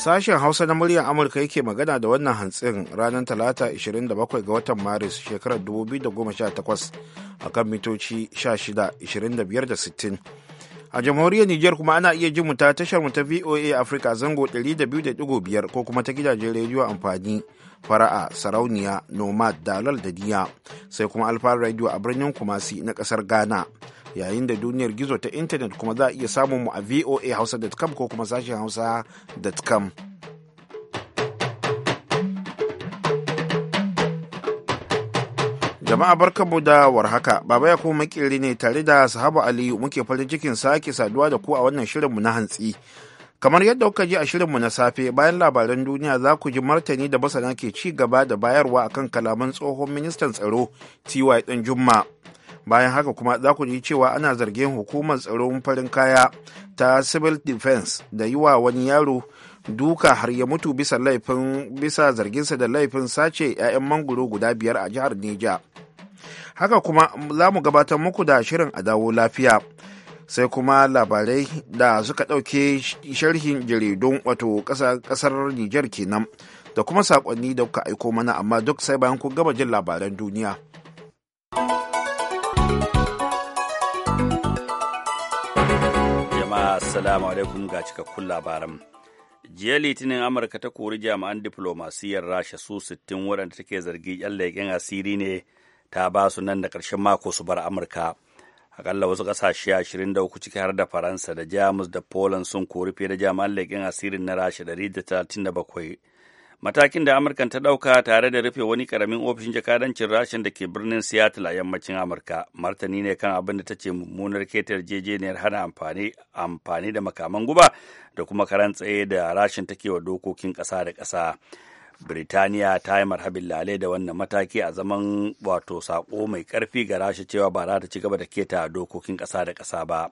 Sashen Hausa na muryar Amurka yake magana da wannan hantsin ranar Talata 27 ga watan Maris shekarar 2018 a kan mitoci 16, 25 60. a jamhuriyar Nijar kuma ana iya jin mu ta tashar mu ta VOA Africa zango 200.5 ko kuma ta gidajen rediyo amfani fara'a sarauniya nomad dalal da diya sai kuma alfa rediyo a birnin kumasi na kasar Ghana yayin da duniyar gizo ta intanet kuma za a iya samun mu a voa hausa.com ko kuma sashen hausa.com jama'a barkanmu da warhaka baba ya kuma ne tare da sahaba aliyu muke farin cikin sake saduwa da ku a wannan shirin mu na hantsi kamar yadda kuka ji a shirin mu na safe bayan labaran duniya za ku ji martani da masana ke ci gaba da bayarwa akan kalaman tsohon ministan tsaro ty dan jumma bayan haka kuma za ku ji cewa ana zargin hukumar tsaron farin kaya ta civil defense da yi wa wani yaro duka har ya mutu bisa laifin bisa zarginsa da laifin sace 'ya'yan mangoro guda biyar a jihar neja haka kuma za mu gabatar muku da shirin a dawo lafiya sai kuma labarai da suka ɗauke sharhin jaridun wato ƙasar nijar kenan da kuma saƙonni da kuka aiko mana amma duk sai bayan ku gama jin labaran duniya. Assalamu alaikum ga cikakkun labaran. Jiya Litinin Amurka ta kori jami'an diflomasiyyar Rasha su sittin waɗanda take zargi 'yan leƙen asiri ne ta ba su nan da ƙarshen mako su bar Amurka. Akalla wasu ƙasashe uku ciki har da Faransa da Jamus da Poland sun kori fiye da jami'an leƙen asirin na Rasha ɗari da da talatin bakwai matakin da amurka ta ɗauka tare da rufe wani ƙaramin ofishin jakadancin rashin da ke birnin seattle a yammacin amurka martani ne kan abin da ta ce mummunar ketar jejeniyar hana amfani amfani da makaman guba da kuma karan tsaye da rashin take wa dokokin kasa da ƙasa Birtaniya ta yi marhabin lalai da wannan mataki a zaman wato sako mai karfi ga rasha cewa ba za ta ci gaba da keta dokokin ƙasa da kasa ba.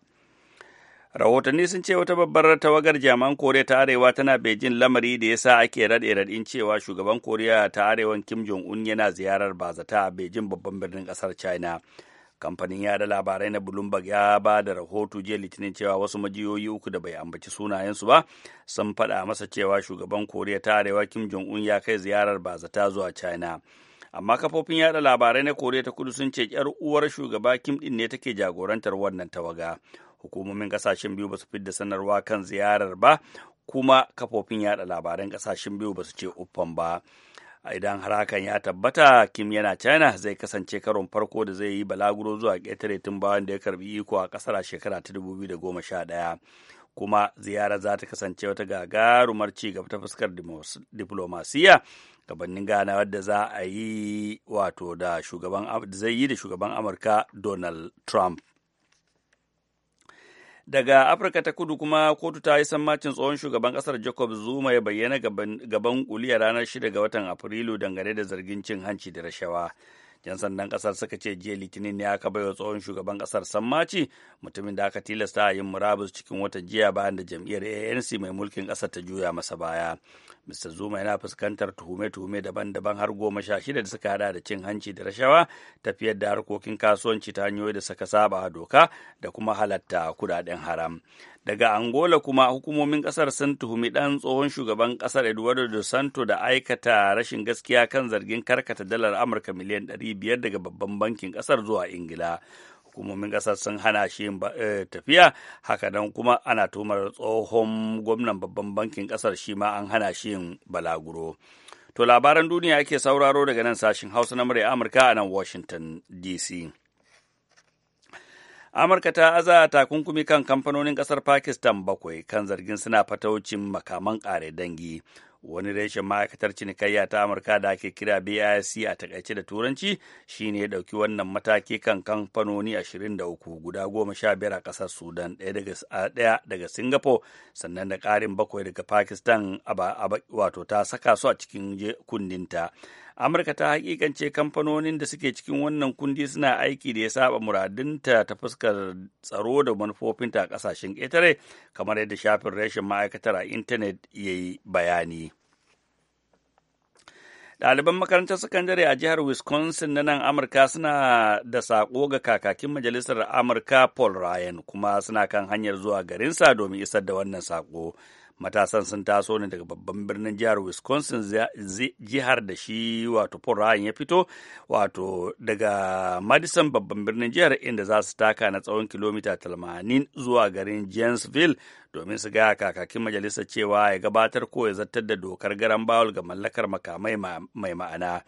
rahotanni sun ce wata babbar tawagar jaman koriya ta arewa tana beijing lamari da yasa ake raɗe raɗin cewa shugaban koriya ta arewan kim jong un yana ziyarar bazata a beijing babban birnin kasar china kamfanin yada labarai na bloomberg ya ba da rahoto jiya litinin cewa wasu majiyoyi uku da bai ambaci sunayensu ba sun faɗa masa cewa shugaban koriya ta arewa kim jong un ya kai ziyarar bazata zuwa china amma kafofin yada labarai na koriya ta kudu sun ce yar uwar shugaba kim din ne take jagorantar wannan tawaga hukumomin kasashen biyu basu su fidda sanarwa kan ziyarar ba kuma kafofin yada labaran kasashen biyu basu su ce uffan ba idan har hakan ya tabbata kim yana china zai kasance karon farko da zai yi balaguro zuwa ƙetare tun bayan da ya karbi iko a ƙasar a shekara ta da goma sha 2011 kuma ziyara za ta kasance wata gagarumar ci gaba ta fuskar diplomasiya gabanin gana da za a yi wato da zai yi da shugaban amurka donald trump daga afirka ta kudu kuma kotu ta yi sammacin tsohon shugaban kasar jacob zuma ya bayyana gaban kuliya ranar 6 ga watan afrilu dangane da zargin cin hanci da rashawa yan sandan kasar suka ce jiya litinin ne aka baiwa tsohon shugaban kasar sammaci mutumin da aka tilasta a yin murabus cikin wata jiya bayan da jam'iyyar anc mai mulkin kasar ta juya masa baya Mr. Zuma yana fuskantar tuhume-tuhume daban-daban har goma sha shida da suka hada da cin hanci da rashawa, tafiyar da harkokin kasuwanci ta hanyoyi da suka saba doka da kuma halatta kudaden haram. Daga Angola kuma hukumomin kasar sun tuhumi ɗan tsohon shugaban kasar Eduardo dos Santo da aikata rashin gaskiya kan zargin karkata dalar Amurka miliyan 500 daga babban bankin kasar zuwa Ingila. hukumomin ƙasar sun hana shi eh, tafiya haka nan kuma ana tumar tsohon gwamnan babban bankin ƙasar shi ma an hana shi yin balaguro to labaran duniya ake sauraro daga nan sashin hausa na murya amurka a nan washington dc Amurka ta aza takunkumi kan kamfanonin ƙasar Pakistan bakwai kan zargin suna fataucin makaman ƙare dangi. wani reshen ma'aikatar cinikayya ta amurka da ake kira BIC a takaice da turanci shine ya ɗauki wannan mataki kan kamfanoni 23 guda 15 a ƙasar sudan ɗaya daga singapore sannan da ƙarin bakwai daga pakistan wato ta saka su a cikin kundinta amurka ta hakikance kamfanonin da suke cikin wannan kundi suna aiki da ya saba muradinta ta fuskar tsaro da manufofinta a kasashen ƙetare kamar yadda shafin rashin ma'aikatar a intanet ya yi bayani Daliban makarantar sakandare a jihar wisconsin na nan amurka suna da saƙo ga kakakin majalisar amurka paul ryan kuma suna kan hanyar zuwa garinsa domin isar da wannan saƙo matasan sun taso ne daga babban birnin jihar wisconsin jihar da shi wato paul ryan ya fito wato daga madison babban birnin jihar inda za su taka na tsawon kilomita 80 zuwa garin jamesville domin su gaya kakakin majalisar cewa ya gabatar ko ya zartar da dokar garan bawul ga mallakar makamai mai ma'ana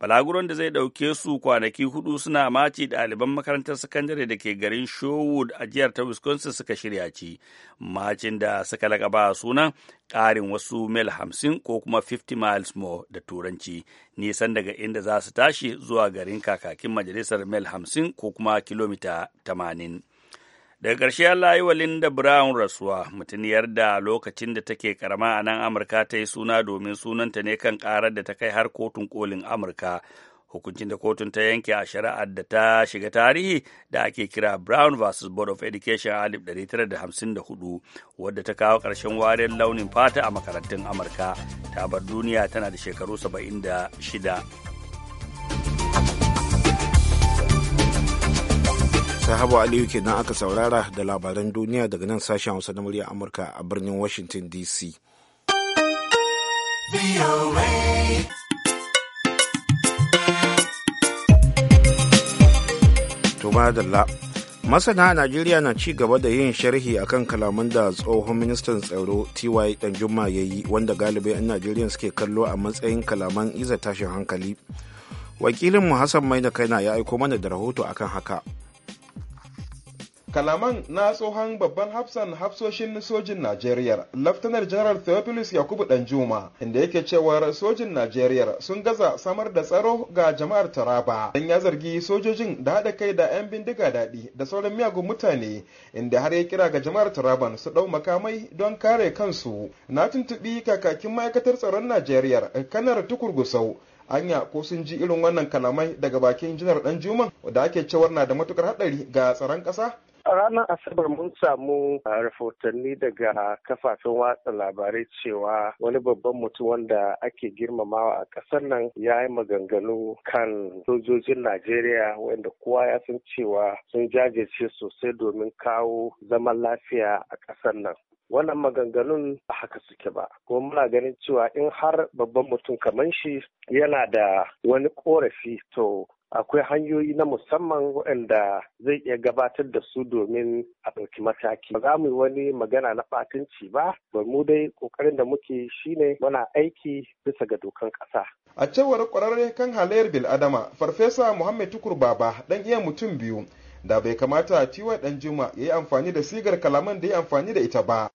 balaguron da zai ɗauke su kwanaki hudu suna maci ɗaliban makarantar sakandare da ke garin showood a jihar ta wisconsin suka shirya ci macin da suka lakaba sunan ƙarin wasu mil hamsin ko kuma 50 miles more da turanci nisan daga inda za su tashi zuwa garin kakakin majalisar mil hamsin ko kuma kilomita 80. daga ƙarshe Allah yi wa Linda Brown rasuwa mutuniyar da lokacin da take karama a nan Amurka ta yi suna domin sunanta ne kan ƙarar da ta kai har kotun kolin Amurka hukuncin da kotun ta yanke a shari'ar da ta shiga tarihi da ake kira Brown vs Board of Education a 1954 wadda ta kawo ƙarshen wariyar launin fata a makarantun Amurka ta bar duniya tana da shekaru 76 sahabu aliyu kenan aka saurara da labaran duniya daga nan sashen hausa na murya amurka a birnin washington dc masana a najeriya na ci gaba da yin sharhi akan kalaman da tsohon ministan tsaro ty danjuma ya yi wanda galibai 'yan najeriya suke kallo a matsayin kalaman iza tashin hankali wakilinmu hassan mai na kaina ya aiko mana da rahoto akan haka kalaman na tsohon babban hafsan hafsoshin sojin najeriya laftanar janar theophilus yakubu danjuma inda yake cewar sojin najeriya sun gaza samar da tsaro ga jama'ar taraba don ya zargi sojojin da haɗa kai da 'yan bindiga daɗi da sauran miyagun mutane inda har ya kira ga jama'ar taraban su ɗau makamai don kare kansu na tuntuɓi kakakin ma'aikatar tsaron najeriya kanar tukurgusau anya ko sun ji irin wannan kalamai daga bakin jinar dan juma da ake cewar na da matukar hadari ga tsaron kasa ranar asabar mun samu rahotanni daga kafafen watsa labarai cewa wani babban mutum wanda ake girmamawa a ƙasar nan ya yi maganganu kan sojojin najeriya wanda kowa ya san cewa sun jajirce sosai domin kawo zaman lafiya a ƙasar nan wannan maganganun ba haka suke ba kuma muna ganin cewa in har babban mutum kamar shi yana da wani korafi to akwai hanyoyi na musamman waɗanda zai iya gabatar da su domin a ɗauki mataki. Ba za mu yi wani magana na ɓatanci ba, ba mu dai ƙoƙarin da muke shine muna aiki bisa ga dokan ƙasa. A cewar ƙwararre kan halayyar bil adama, Farfesa Muhammad Tukur Baba ɗan iya mutum biyu da bai kamata ciwon ɗan juma ya yi amfani da sigar kalaman da ya amfani da ita ba.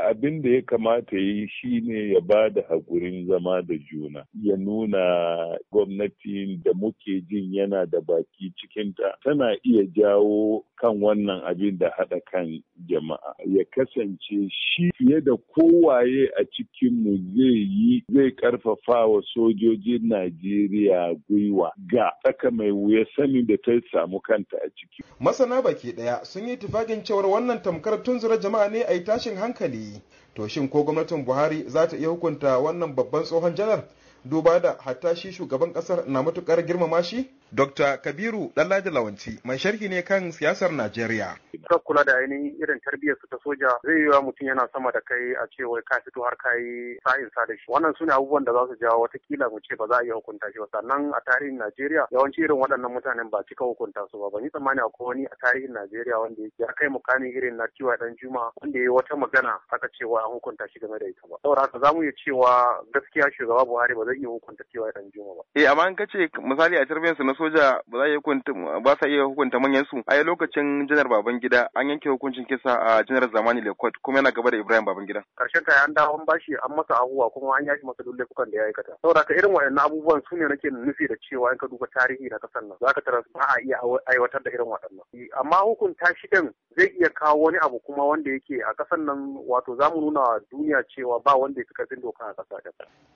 abin da ya kamata ya yi shi ne ya ba da haƙurin zama da juna ya nuna gwamnatin da muke jin yana da baki cikinta tana iya jawo kan wannan abin da haɗa kan jama'a ya kasance shi fiye da kowaye a cikinmu zai yi zai karfafa wa sojojin najeriya gwiwa ga tsaka mai wuya sani da ta samu kanta a ciki masana baki ɗaya sun yi tufagin cewar wannan tamkar tunzura jama'a ne a yi tashin hankali yi to shin ko gwamnatin buhari za ta iya hukunta wannan babban tsohon janar duba da hatta shi shugaban kasar na matukar girmama shi Dr. Kabiru Ɗanladi Lawanci mai sharhi ne kan siyasar Najeriya. Ka kula da ainihin irin tarbiyyar su ta soja zai yi wa mutum yana sama da kai a cewa wai ka fito har yi sa'in sa da shi. Wannan su ne abubuwan da za su jawo watakila mu ce ba za a iya hukunta shi ba. Sannan a tarihin Najeriya yawanci irin waɗannan mutanen ba cika hukunta su ba. Ban yi tsammani akwai wani a tarihin Najeriya wanda ya kai mukamin irin na kiwa dan juma wanda ya yi wata magana aka cewa an hukunta shi game da ita ba. Saboda haka za mu iya cewa gaskiya shugaba Buhari ba zai iya hukunta kiwa dan juma ba. Eh amma an ka misali a tarbiyyar su na soja ba za iya hukunta ba sa iya hukunta manyan su a lokacin janar Babangida an yanke hukuncin kisa a janar Zamani Lekot kuma yana gaba da Ibrahim Babangida karshen kai an dawo an bashi an masa abubuwa kuma an yashi masa dole kukan da ya aikata saboda ka irin waɗannan abubuwan su ne nake nufi da cewa in ka duba tarihi na kasar nan zaka tarar ba a iya aiwatar da irin waɗannan eh, amma hukunta shi din zai iya kawo wani abu kuma wanda yake a kasar nan wato zamu nuna duniya cewa ba wanda ya fi karfin doka a kasar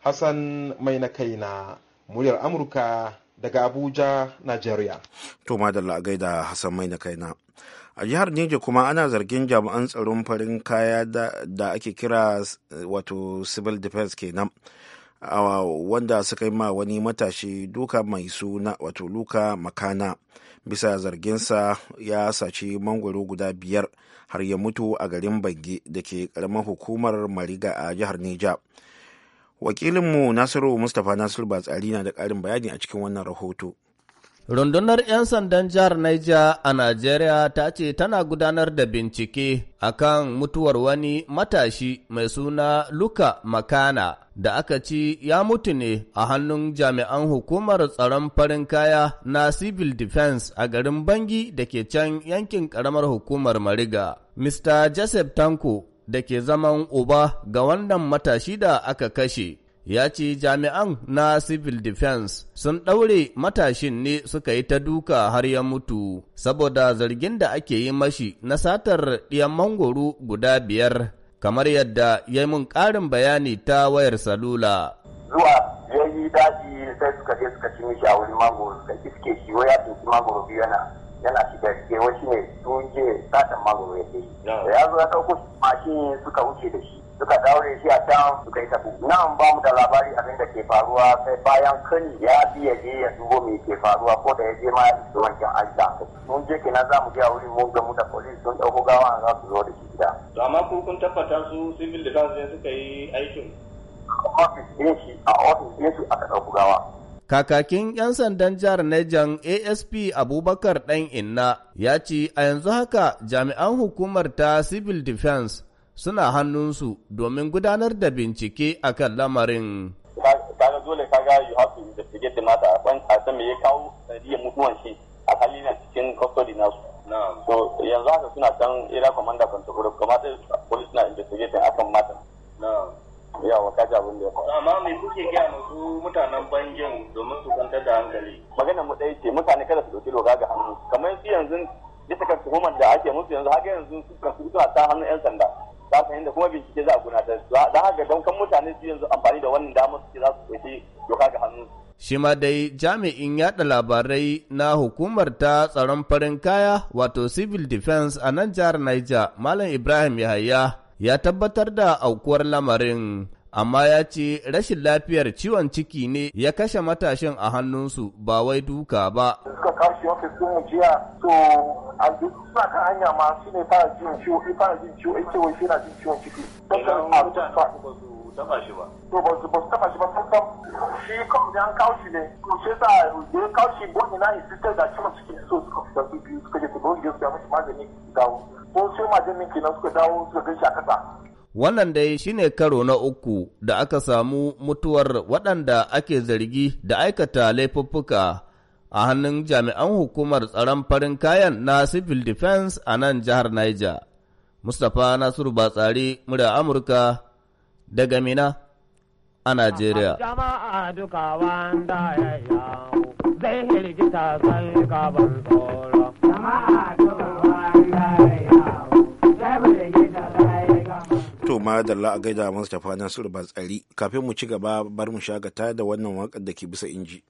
Hassan mai na kaina muryar Amurka daga Abuja, Najeriya. To madalla a gaida Hassan mai da kaina. A jihar Neja kuma ana zargin jami'an tsaron farin kaya da ake kira wato civil defense kenan. wanda suka yi ma wani matashi duka mai suna wato luka makana bisa zarginsa ya saci mangwaro guda biyar har ya mutu a garin bange da ke karamar hukumar mariga a jihar Neja. wakilinmu nasiru mustapha nasiru batsari na da ƙarin bayani a cikin wannan rahoto rundunar 'yan sandan jihar Niger a najeriya ta ce tana gudanar da bincike akan mutuwar wani matashi mai suna luka makana da aka ci ya mutu ne a hannun jami'an hukumar tsaron farin kaya na civil defense a garin bangi da ke can yankin karamar hukumar mariga mr joseph tanko da ke zaman uba ga wannan matashi da aka kashe. Ya ce jami'an na civil defense sun ɗaure matashin ne suka yi ta duka har ya mutu, saboda zargin da ake yi mashi na satar ɗiyan mangoro guda biyar, kamar yadda ya yi mun ƙarin bayani ta wayar salula. Zuwa ya yi daji sai suka je suka ci mishi a wurin mangoro, suka iske shi cin ɗauki mangoro biyu yana shiga kewa shi ne sun je satan magoro ya ke da ya zo ya ɗauko mashin suka wuce da shi suka daure shi a can suka yi tafi nan ba mu da labari abin da ke faruwa sai bayan kani ya bi ya je ya dubo me ke faruwa ko da ya je ma ya fito wancan ajiya mun je kenan za mu je a wuri mun gamu da police sun ɗauko gawa za su zo da shi gida. to amma ko kun tabbata su civil defense ne suka yi aikin. ofis ɗin shi a ofis ɗin shi aka ɗauko gawa. Kakakin 'yan sandan jihar Niger ASP Abubakar ɗan Inna ya ce a yanzu haka jami'an hukumar ta Civil Defense suna hannunsu domin gudanar da bincike a kan lamarin. Kaga dole kaga you have to investigate the matter when a me ya kawo sanadiyar mutuwan shi a kalli na cikin custody nasu. So yanzu haka suna can area commander control kamar ɗaya police na investigating akan matter. yawa ka ji abin da ya faru amma me kuke gaya musu mutanen bankin domin su kwantar da hankali magana mu ɗaya ce mutane kada su ɗauki doka ga hannu kamar su yanzu bisa kan tuhumar da ake musu yanzu haka yanzu su kan su suna ta hannun yan sanda za su da kuma bincike za a gudanar da haka don kan mutane su yanzu amfani da wannan damar su za su ɗauki doka ga hannu shi ma dai jami'in yada labarai na hukumar ta tsaron farin kaya wato civil defense a nan jihar Niger Malam Ibrahim Yahaya ya tabbatar da aukuwar lamarin amma ya ce rashin lafiyar ciwon ciki ne ya kashe matashin a hannunsu ba wai duka ba. Suka kashi ofis sun mu jiya to a duk suna kan hanya ma su ne fara jin ciwo in fara jin ciwo in ce shi na jin ciwon ciki. Idan mutane ba su taba shi ba. To ba su taba shi ba sun san shi kawai da an kawo shi ne to shi yasa da ya kawo shi boni na insistar da ciwon ciki so suka fita su biyu suka je su boni su ya mashi magani su dawo. ko su suka dawo suka shi a kasa Wannan dai shine karo na uku da aka samu mutuwar waɗanda ake zargi da aikata laifuffuka a hannun jami'an hukumar tsaron farin kayan na civil defense a nan jihar Niger. Mustapha Nasiru Batsari, murya Amurka, daga Mina a Najeriya. Jama'a duka wanda ya yawo, kuma madalla a gaida su da batsari kafin mu ci gaba bar mu shagata da wannan wakar da ke bisa inji.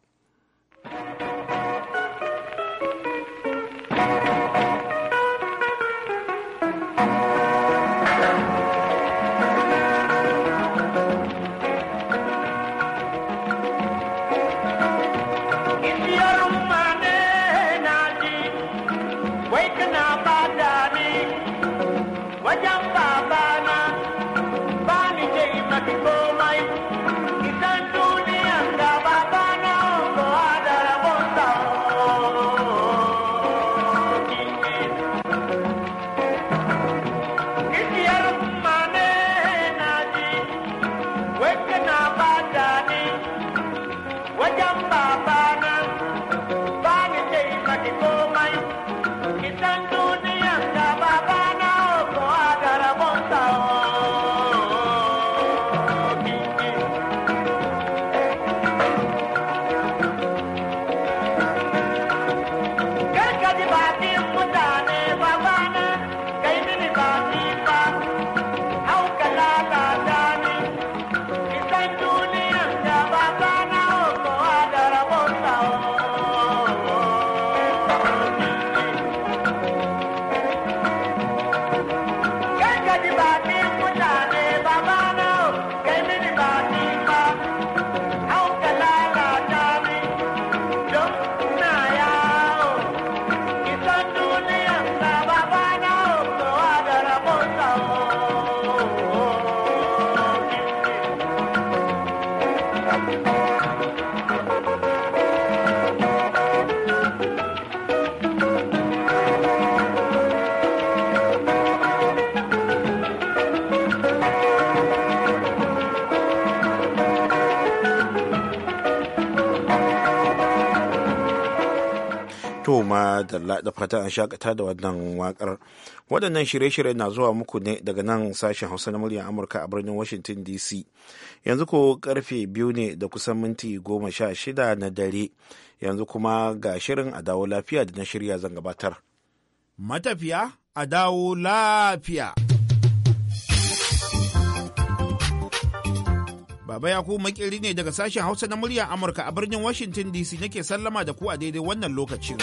kuma da fatan an shakata da wannan wakar waɗannan shirye-shirye na zuwa muku ne daga nan sashen hausa na muryar amurka a birnin washington dc yanzu ko karfe biyu ne da kusan minti goma sha shida na dare yanzu kuma ga shirin a dawo lafiya da na shirya zan gabatar matafiya a dawo lafiya Baba ya ku makiri ne daga sashen Hausa na murya Amurka a birnin Washington DC nake sallama da ku a daidai wannan lokacin.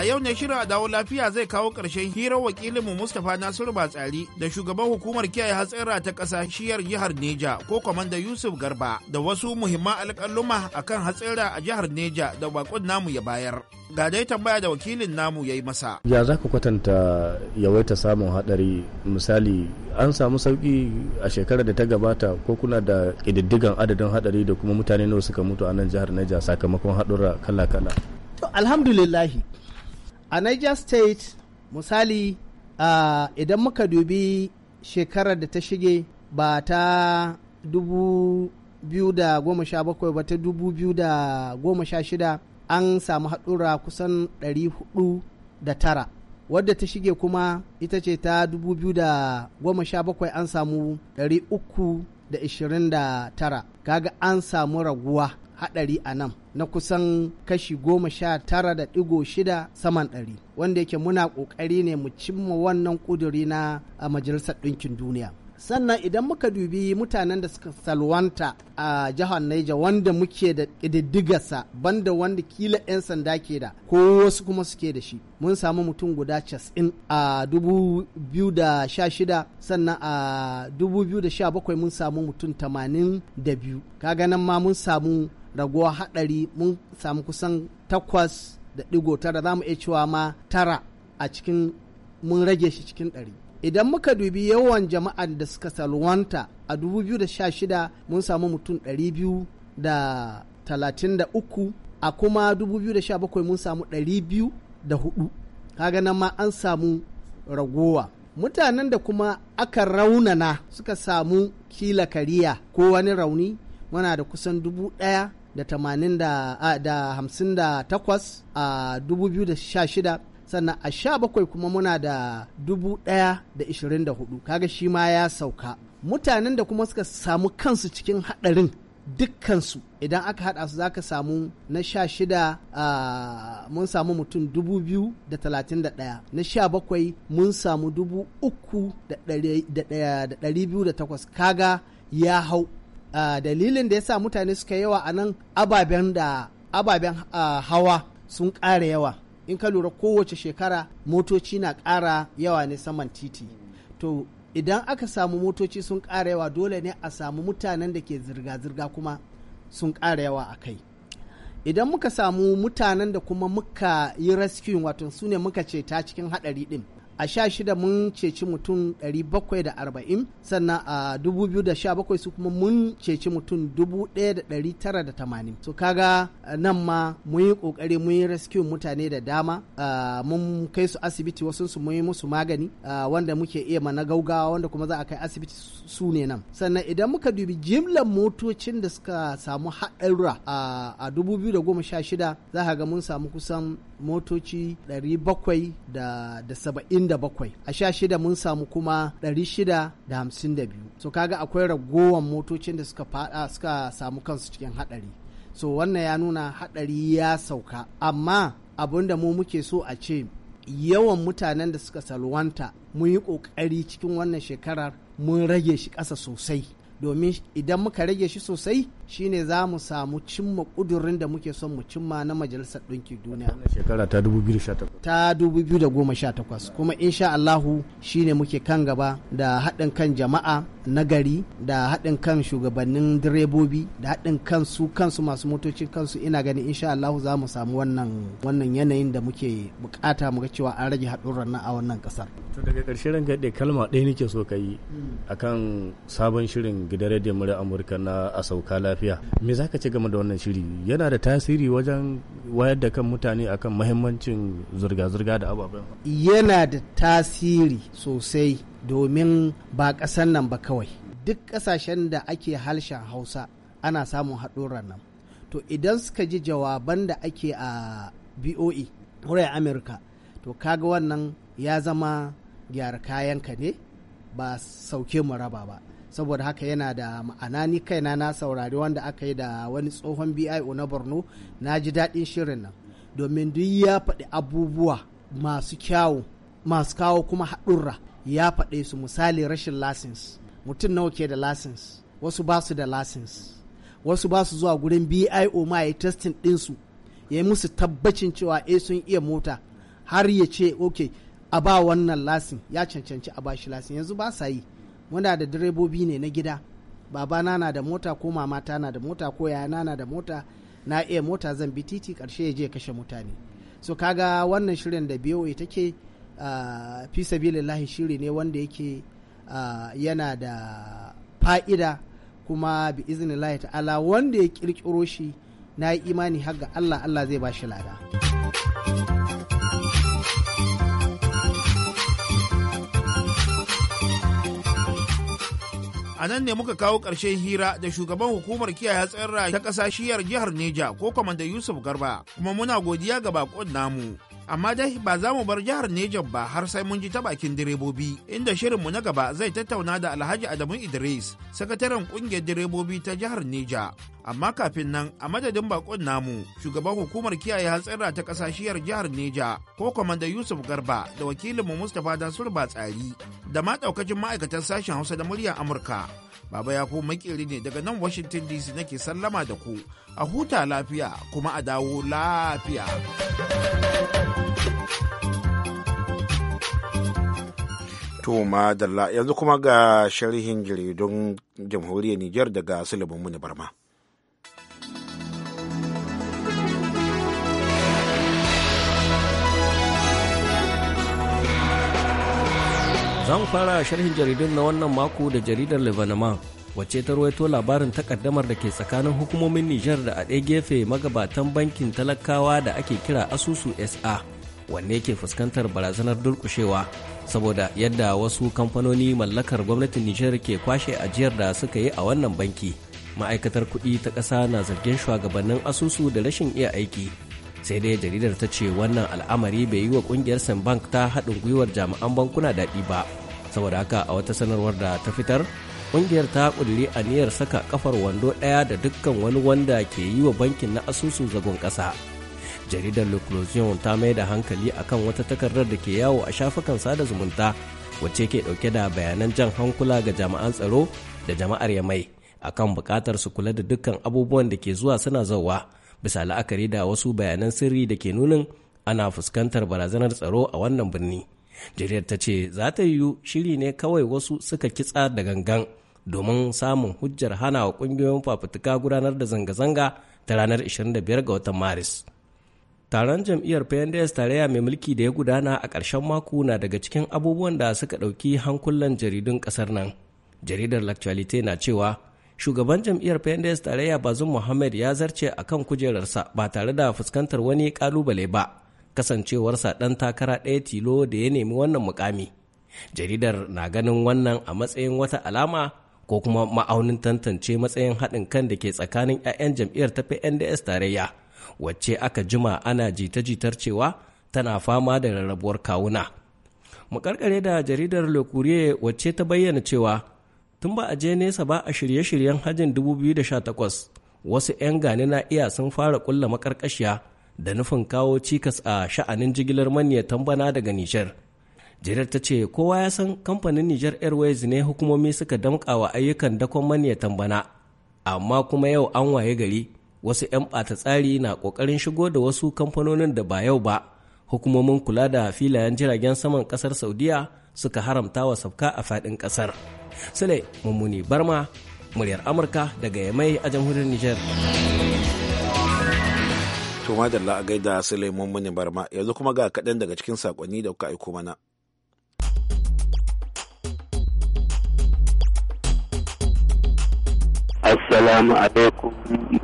A yau ne shirin a dawo lafiya zai kawo ƙarshen hirar wakilinmu Mustapha Nasiru Batsari da shugaban hukumar kiyaye hatsira ta ƙasa shiyar jihar Neja ko kwamanda Yusuf Garba da wasu muhimman alƙaluma kan hatsira a jihar Neja da bakon namu ya bayar. Ga dai tambaya da wakilin namu yayi masa. Ya za ku kwatanta yawaita samun haɗari misali an samu sauki a shekarar da ta gabata ko kuna da ƙididdigan adadin haɗari da kuma mutane nawa suka mutu a nan jihar Neja sakamakon haɗura kala-kala. To alhamdulillahi a niger state misali idan muka dubi shekarar da ta shige ba ta dubu ba ta dubu biyu an samu haɗura kusan ɗari da tara wadda ta shige kuma ita ce ta dubu biyu an samu ɗari uku da da 29 kaga an samu raguwa hadari a nan na kusan kashi goma sha tara da digo shida saman ɗari wanda yake muna ƙoƙari ne mu cimma wannan ƙuduri na a majalisar ɗinkin duniya sannan idan muka dubi mutanen da suka salwanta a jihar Niger wanda muke da ƙididdigarsa banda wanda kila 'yan sanda ke da ko wasu kuma suke da shi mun samu mutum guda in a 2016 sannan a 2017 mun samu mutum 82 kaga nan ma mun samu raguwa haɗari mun samu kusan takwas da ɗigo tara za mu iya cewa ma tara a cikin mun rage shi cikin ɗari idan muka dubi yawan jama'ar da suka salwanta a 2016 mun samu mutum 233 a kuma 2017 mun samu 204 kaga nan ma an samu ragowa mutanen da kuma aka raunana suka samu kila kariya ko wani rauni muna da kusan dubu ɗaya da tamanin da hamsin da takwas a dubu biyu da sha shida sannan a sha bakwai kuma muna da dubu ɗaya da ishirin da hudu kaga shi ma ya sauka mutanen da kuma suka samu kansu cikin haɗarin dukkansu idan aka haɗa su zaka samu na sha shida mun samu mutum dubu biyu da talatin da ɗaya na sha bakwai mun samu dubu uku da ɗari biyu da takwas kaga ya hau dalilin da ya sa mutane suka yawa a nan ababen da ababen hawa sun ƙara yawa in ka lura kowace shekara motoci na ƙara yawa ne saman titi to idan aka samu motoci sun ƙara yawa dole ne a samu mutanen da ke zirga-zirga kuma sun ƙara yawa a kai idan muka samu mutanen da kuma muka yi rescue wato su ne muka ce cikin haɗari ɗin a sha shida mun ceci mutum 740 sannan a 2017 su kuma mun ceci mutum 1980 so kaga nan ma mun yi kokari mun yi rescue mutane da dama mun kai su asibiti wasu su mun yi musu magani wanda muke iya mana gaugawa wanda kuma za a kai asibiti su ne nan sannan idan muka dubi jimlar motocin da suka samu haɗarura a 2016 za ka ga mun samu kusan motoci 777 a sha shida mun samu kuma 652 so kaga akwai ragowar motocin da suka fada suka samu kansu cikin hadari so wannan ya nuna hadari ya sauka amma abun da mu muke so a ce yawan mutanen da suka salwanta mun yi ƙoƙari cikin wannan shekarar mun rage shi ƙasa sosai domin idan muka rage shi sosai shine za mu samu cimma kudurin da muke son mu cimma na majalisar ɗinkin duniya shekara ta 2018 ta 2018 kuma insha Allahu shine muke kan gaba da haɗin kan jama'a na gari da haɗin kan shugabannin direbobi da haɗin kan su kansu masu motocin kansu ina ganin insha Allahu za mu samu wannan wannan yanayin da muke bukata mu ga cewa an rage haɗurran nan a wannan kasar to daga karshe ran kalma ɗaya nake so ka yi akan sabon shirin gidan rediyon murya Amurka na a sauka lafiya lafiya me zaka ce game da wannan shiri yana da tasiri wajen wayar da kan mutane akan mahimmancin zurga-zurga da ababen yana da tasiri sosai domin ba ƙasan nan ba kawai duk ƙasashen da ake harshen hausa ana samun haɗurran nan to idan suka ji jawaban da ake a boe wurin amurka to kaga wannan ya zama gyara kayan ka ne ba sauke mu raba ba saboda haka yana da ma'ana ni kaina na saurari wanda aka yi da wani tsohon bio na borno na ji daɗin shirin nan domin duk ya faɗi abubuwa masu kyawu masu kawo kuma haɗurra ya faɗe su misali rashin lasins mutum nawa ke da lasins wasu ba su da lasins wasu ba su zuwa gurin bio ma ya testin ɗinsu ya yi musu tabbacin cewa e sun iya mota har ya ce ok a ba wannan lasin ya cancanci a ba shi lasin yanzu ba sa yi muna da direbobi ne na gida babana na da mota ko mamata na da mota ko yana na da mota na iya mota zan bi titi karshe ya je kashe mutane so kaga wannan shirin da biyo take ah, fi sabilillahi shiri ne wanda yake ah, yana da fa'ida kuma bi iznillahi ta'ala wanda ya kirkiro shi na yi imani har ga Allah Allah zai ba shi lada. a nan ne muka kawo ƙarshen hira da shugaban hukumar kiyaye hatsarin ta ƙasashiyar jihar neja ko kwamanda yusuf garba kuma muna godiya ga bakon namu amma dai ba za mu bar jihar Nejar ba har sai mun ji ta bakin direbobi inda shirinmu na gaba zai tattauna da Alhaji Adamu Idris sakataren kungiyar direbobi ta jihar Neja amma kafin nan a madadin bakon namu shugaban hukumar kiyaye hatsara ta kasashiyar jihar Neja ko komanda Yusuf Garba da wakilinmu Mustapha Dasur tsari? da ma daukacin ma'aikatan sashen Hausa da muryar Amurka Baba ya makeri ne daga nan Washington DC nake sallama da ku a huta lafiya kuma a dawo lafiya. To dalla yanzu kuma ga sharhin jaridun jamhuriyar Nijar daga Sulaiman Muni Barma. Zan fara sharhin jaridun na wannan mako da jaridar Lebanon wacce ta ruwaito labarin takaddamar da ke tsakanin hukumomin Nijar da a ɗaya gefe magabatan bankin talakawa da ake kira asusu SA wanne ke fuskantar barazanar durkushewa saboda yadda wasu kamfanoni mallakar gwamnatin Nijar ke kwashe ajiyar da suka yi a wannan banki. Ma'aikatar kuɗi ta ƙasa na zargin shugabannin asusu da rashin iya aiki. Sai dai jaridar ta ce wannan al'amari bai yi wa ƙungiyar Bank ta haɗin gwiwar jami'an bankuna daɗi ba. Saboda haka a wata sanarwar da ta fitar, ƙungiyar ta a niyyar saka kafar wando ɗaya da dukkan wani wanda ke yi wa bankin na asusun zagon ƙasa jaridar l'oclusion ta mai da hankali akan wata takardar da ke yawo a shafukan sada zumunta wacce ke ɗauke da bayanan jan hankula ga jama'an tsaro da jama'ar yamai akan bukatar su kula da dukkan abubuwan da ke zuwa suna zauwa bisa la'akari da wasu bayanan sirri da ke nunin ana fuskantar barazanar tsaro a wannan birni jaridar ta ce za ta yiwu shiri ne kawai wasu suka kitsa da gangan domin samun hujjar hana wa ƙungiyoyin fafutuka gudanar da zanga-zanga ta ranar 25 ga watan maris taron jam'iyyar pnds tarayya mai mulki da ya gudana a ƙarshen mako na daga cikin abubuwan da suka ɗauki hankulan jaridun ƙasar nan jaridar l'actualité na cewa shugaban jam'iyyar pnds tarayya bazum muhammad ya zarce a kan kujerarsa ba tare da fuskantar wani ƙalubale ba kasancewarsa ɗan takara ɗaya tilo da ya nemi wannan mukami jaridar na ganin wannan a matsayin wata alama ko kuma ma'aunin tantance matsayin haɗin kan da ke tsakanin 'ya'yan jam'iyyar ta PNDS tarayya wacce aka jima ana jita-jitar cewa tana fama da rarrabuwar kawuna. Mukarkare da jaridar Le wacce ta bayyana cewa tun ba a je nesa ba a shirye-shiryen hajjin 2018 wasu 'yan gane na iya sun fara kulla makarkashiya da nufin kawo cikas a sha'anin jigilar manyatan tambana daga Nijar. jirar ta ce kowa ya san kamfanin niger airways ne hukumomi suka damƙa wa ayyukan dakon maniyatan tambana amma kuma yau an waye gari wasu 'yan ɓata tsari na ƙoƙarin shigo da wasu kamfanonin da ba yau ba hukumomin kula da filayen jiragen saman ƙasar saudiya suka haramta wa sabka a faɗin ƙasar sule mummuni barma muryar amurka daga yamai a jamhuriyar niger to madalla a gaida sule mummuni barma yanzu kuma ga kaɗan daga cikin saƙonni da kuka aiko mana Assalamu alaikum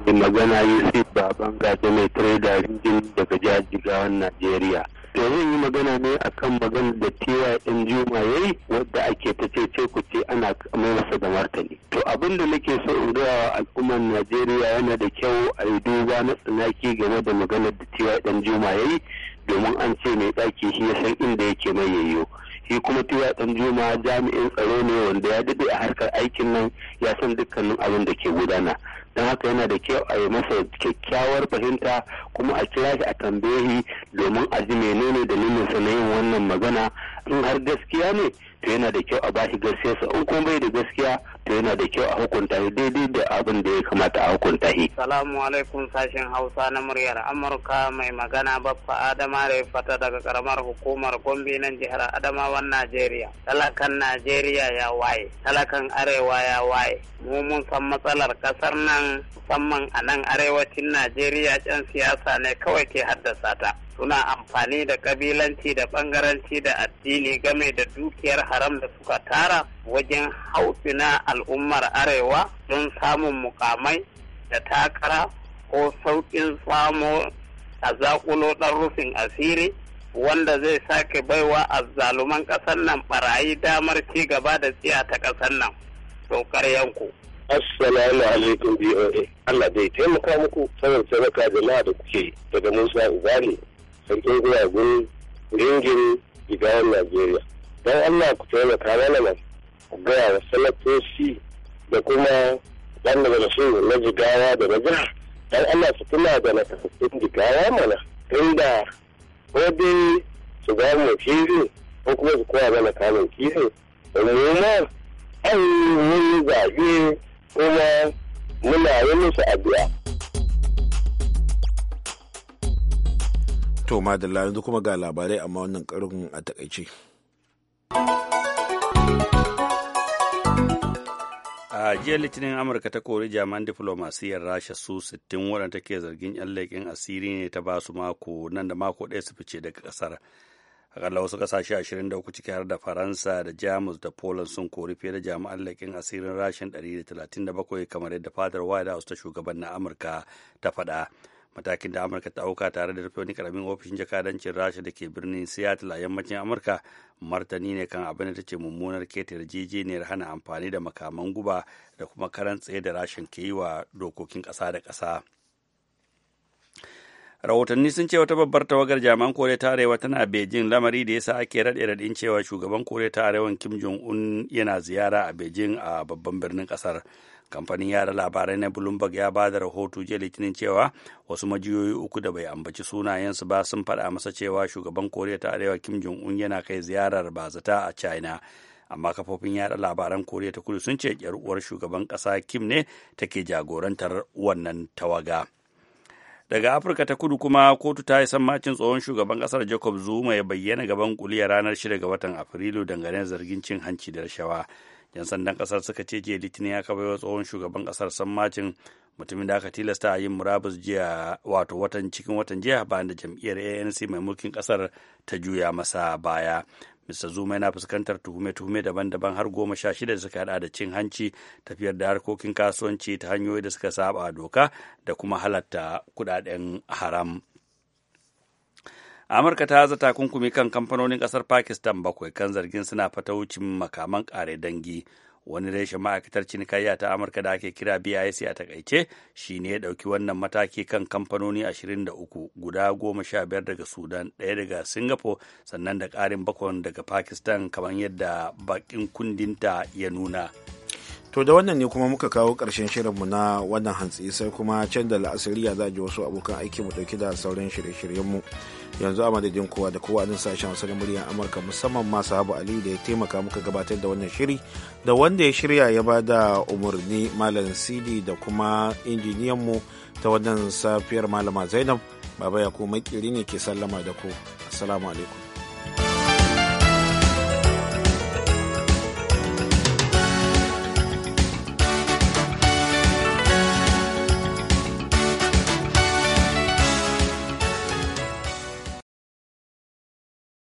mai magana Yusuf Baban Gaje mai da Ringin daga Jajigawan Najeriya. To zan yi magana ne akan magana da tewa ɗin Juma yayi wadda ake ta ce ku ce ana mai masa da martani. To abin da nake so in gaya wa al'ummar Najeriya yana da kyau a yi duba na tsanaki game da maganar da tewa ɗin Juma yayi domin an ce mai ɗaki shi ya san inda yake mai yayyo. shi kuma tiya dan juma jami'in tsaro ne wanda ya dade a harkar aikin nan ya san dukkanin abin da ke gudana don haka yana da kyau a yi masa kyakkyawar fahimta kuma a kira shi a tambaye domin a ji menene dalilin na yin wannan magana in har gaskiya ne to yana da kyau a bashi gaskiyarsa in kuma bai da gaskiya to yana da kyau a hukunta shi daidai da abin da ya kamata a hukunta shi. Salamu alaikum sashen Hausa na muryar Amurka mai magana Baffa Adama da daga karamar hukumar Gombe nan jihar Adamawan Najeriya. Talakan Najeriya ya waye, talakan Arewa ya waye. Mu mun san matsalar kasar nan musamman a nan arewacin Najeriya 'yan siyasa ne kawai ke haddasa ta. suna amfani da kabilanci da bangaranci da addini game da dukiyar haram da suka tara wajen haufina al'ummar arewa don samun mukamai da takara ko sauƙin tsamo a zaƙulo ɗan rufin asiri wanda zai sake baiwa a zaluman ƙasar nan barayi damar ci gaba da tsiya ta ƙasar nan saukar yanku. Assalamu alaikum BOA. Allah dai taimaka muku sanar sadaka jama'a da kuke daga Musa ne. sarkin guragun ringin gidawan najeriya don allah ku taimaka mana nan ku gaya wa salatoci da kuma wanda da su na jigawa da na jira. don allah su kuma da na tafasin jigawa mana inda ko dai su ba mu kiri ko kuma su koya mana kamun kiri? domin ma an yi zaɓe kuma muna yi musu addu'a To madalla yanzu kuma ga labarai amma wannan karin a takaice. a jiya litinin amurka ta kori jami'an diflomasiyyar rasha su 60 waɗanda take zargin 'yan leƙin asiri ne ta basu mako nan da mako ɗaya su fice daga ƙasar akalla wasu ƙasashe 23 ciki har da faransa da jamus da poland sun kori fiye da jami'an leƙin asirin rashin 137 kamar yadda fadar white house ta shugaban na amurka ta faɗa matakin da amurka ta auka tare da rufe wani karamin ofishin jakadancin rasha da ke birnin seattle a yammacin amurka martani ne kan abin da ta ce mummunar keta yarjejeniyar hana amfani da makaman guba da kuma karan da rashin ke yi wa dokokin ƙasa da ƙasa rahotanni sun ce wata babbar tawagar jami'an koriya ta arewa tana beijing lamari da yasa ake raɗe raɗin cewa shugaban koriya ta arewan kim jong un yana ziyara a beijing a babban birnin kasar kamfanin yada labarai na bloomberg ya ba da rahoto jiya litinin cewa wasu majiyoyi uku da bai ambaci sunayensu ba sun faɗa masa cewa shugaban koriya ta arewa kim jong un yana kai ziyarar bazata a china amma kafofin yada labaran koriya ta kudu sun ce yar uwar shugaban kasa kim ne take jagorantar wannan tawaga. daga afirka ta kudu kuma kotu ta yi sammacin tsohon shugaban kasar jacob zuma ya bayyana gaban kuliya ranar 6 ga watan afrilu dangane zargin cin hanci da rashawa yan sandan kasar suka ce jiya litinin ya wa tsohon shugaban kasar sammacin mutumin da aka tilasta a yin murabus jiya wato watan cikin watan jiya bayan da jam'iyyar anc mai mulkin kasar ta juya masa baya Mr. Zuma yana fuskantar tuhume-tuhume daban-daban har goma sha shida da suka hada da cin hanci tafiyar da harkokin kasuwanci ta hanyoyi da suka saba doka da kuma halatta kudaden haram. amurka ta haza takunkumi kan kamfanonin kasar pakistan bakwai kan zargin suna fata wucin makaman kare dangi wani reshen ma'aikatar cinikayya ta amurka da ake kira bis a takaice shi ne ya ɗauki wannan mataki kan kamfanoni 23 guda 15 daga sudan ɗaya daga singapore sannan da ƙarin bakon daga pakistan kamar yadda bakin kundinta ya nuna to da wannan ne kuma muka kawo ƙarshen shirinmu na wannan hantsi sai kuma can da la'asiri za ji wasu abokan aiki mu ɗauki da sauran shirye-shiryenmu yanzu a madadin kowa da kowa din sashen wasu muryar amurka musamman ma sahabu aliyu da ya taimaka muka gabatar da wannan shiri da wanda ya shirya ya ba da umarni malam sidi da kuma injiniyanmu ta wannan safiyar malama zainab baba ya ko makiri ne ke sallama da ku assalamu alaikum